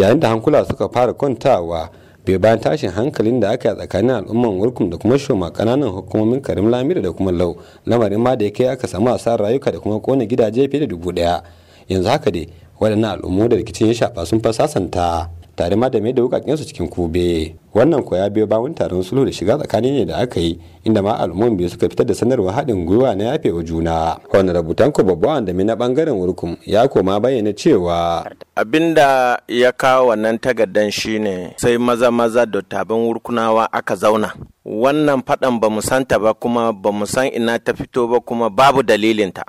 yayin da hankula suka fara kwantawa bai bayan tashin hankalin da aka yi tsakanin al'umman wurkum da kuma shoma kananan hukumomin karim lamira da kuma lau lamarin ma da ya kai aka samu asarar rayuka da kuma kone gidaje fiye da dubu daya yanzu haka dai waɗannan al'ummu da rikicin ya shafa sun fa sasanta tare ma da mai da wukakensu cikin kube wannan ko ya biyo bawon taron sulhu da shiga tsakanin ne da aka yi inda ma al'umman biyu suka fitar da sanarwar haɗin gwiwa na yafe wa juna honorable tanko wanda mai na bangaren wurkum ya koma bayyana cewa abinda ya kawo wannan tagaddan shine sai maza maza da tabin wurkunawa aka zauna wannan faɗan ba mu santa ba kuma ba mu san ina ta fito ba kuma babu dalilinta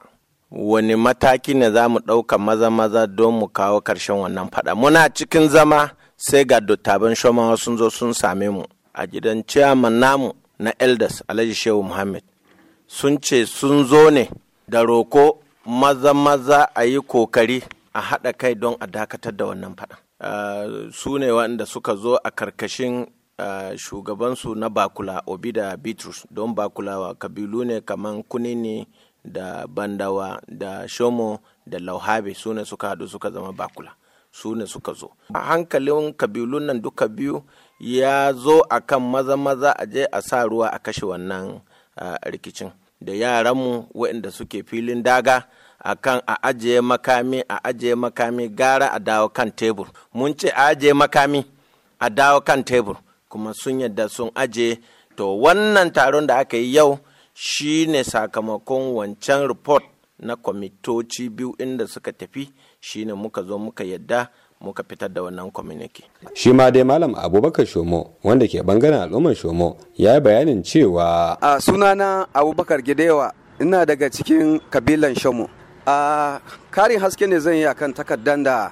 wani mataki ne za mu ɗauka maza-maza don mu kawo ƙarshen wannan faɗa muna cikin zama sai ga dottaban shomawa sun zo sun same mu a gidan ciyaman namu na elders alhaji shehu muhammad sun ce sun zo ne da roko maza-maza a yi kokari a haɗa kai don a dakatar da wannan faɗa uh, eh, su ne waɗanda suka zo a karkashin Uh, shugabansu na bakula Obi da bitrus don bakulawa kabilu ne kaman kunini da bandawa da shomo da lauhabe su ne suka haɗu suka zama bakula su ne suka zo a hankalin kabilun nan duka biyu ya zo a kan maza maza a je a sa ruwa a kashe wannan rikicin da yaranmu waɗanda suke filin daga a kan a ajiye makami a ajiye makami gara a dawo kan tebur mun ce a ajiye makami a dawo kan tebur kuma sun yadda sun ajiye to wannan taron da aka yi yau shi ne sakamakon wancan report na kwamitoci biyu inda suka tafi shi ne muka zo muka yadda muka fitar da wannan kwaminiki. Shi ma dai Malam Abubakar Shomo wanda ke bangaren al'ummar Shomo ya yi bayanin cewa. A sunana Abubakar Gidewa ina daga cikin kabilan Shomo. A karin haske ne zan yi akan takardar da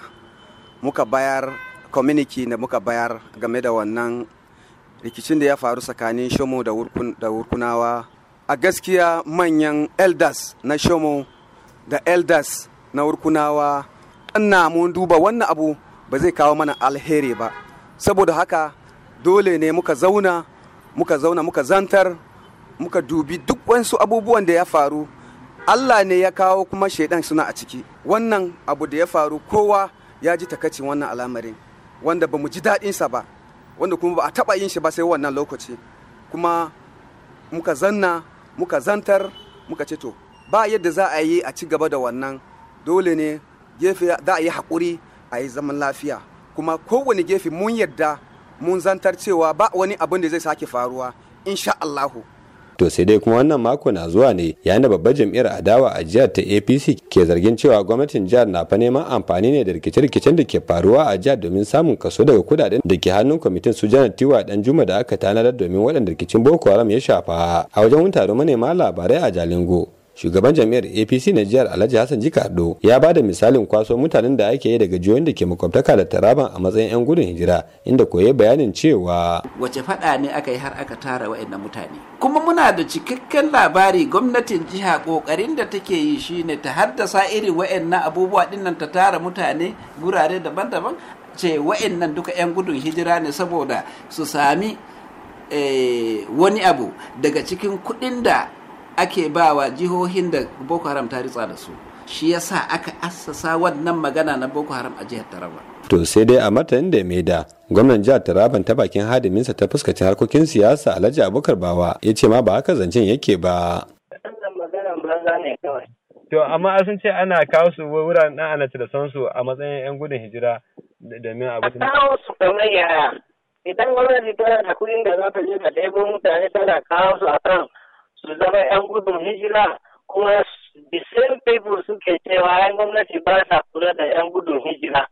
muka bayar kwaminiki da muka bayar game da wannan rikicin da ya faru tsakanin Shomo da wurkunawa a gaskiya manyan elders na shomo da elders na wurkunawa ina mun duba wannan abu ba zai kawo mana alheri ba saboda haka dole ne muka zauna muka zauna muka zantar muka dubi duk wasu abubuwan da ya faru Allah ne ya kawo kuma shaidan suna a ciki wannan abu da ya faru kowa ya ji takacin wannan al'amarin wanda ba mu ji daɗinsa ba wanda kuma ba a taɓa yin shi ba sai wannan lokaci kuma muka zanna muka zantar muka ce to ba yadda za a yi a ci gaba da wannan dole ne gefe za a yi haƙuri a yi zaman lafiya kuma kowane gefe mun yadda mun zantar cewa ba wani abin da zai sake faruwa insha Allahu to sai dai kuma wannan mako na zuwa ne yayin da babbar jam'iyyar adawa a jihar ta apc ke zargin cewa gwamnatin jihar na fa neman amfani ne da rikice-rikicen da ke faruwa a jihar domin samun kaso daga kudaden da ke hannun kwamitin su janar tiwa dan juma da aka tanadar domin waɗanda rikicin boko haram ya shafa a wajen taron manema labarai a jalingo shugaban Jami'ar apc na jihar alhaji hassan Jika ado ya ba da misalin kwaso mutanen da ake yi daga jihohin da ke makwabtaka da taraban a matsayin 'yan gudun hijira inda koye bayanin cewa wace fada ne aka yi har aka tara wa'annan mutane kuma muna da cikakken labari gwamnatin jiha kokarin da take yi shine ta haddasa irin wa'annan abubuwa dinnan ta tara mutane gurare daban-daban ce wa'annan duka 'yan gudun hijira ne saboda su sami eh, wani abu daga cikin kuɗin da ake bawa jihohin da boko haram ta ritsa da su shi yasa aka assasa wannan magana na boko haram a jihar taraba to sai dai a martanin da mai da gwamnan jihar taraban ta bakin hadiminsa ta fuskaci harkokin siyasa alhaji abubakar bawa ya ce ma ba haka zancen yake ba to amma sun ce ana kawo su wuraren ɗan anace da sansu a matsayin yan gudun hijira domin abu da kawo su kamar yaya idan gwamnati tana da kuɗin da za ta je ta ɗebo mutane tana kawo su a kan su zama 'yan gudun hijira kuma the same people suke cewa yan gwamnati ba sa kula da 'yan gudun hijira.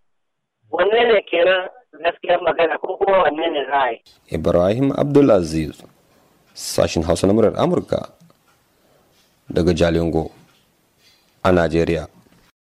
Wanne ne kenan gaskiyar magana ko kuma wanne ne za yi? Ibrahim Abdulaziz, sashin Hausa na murar Amurka daga Jalingo a Najeriya.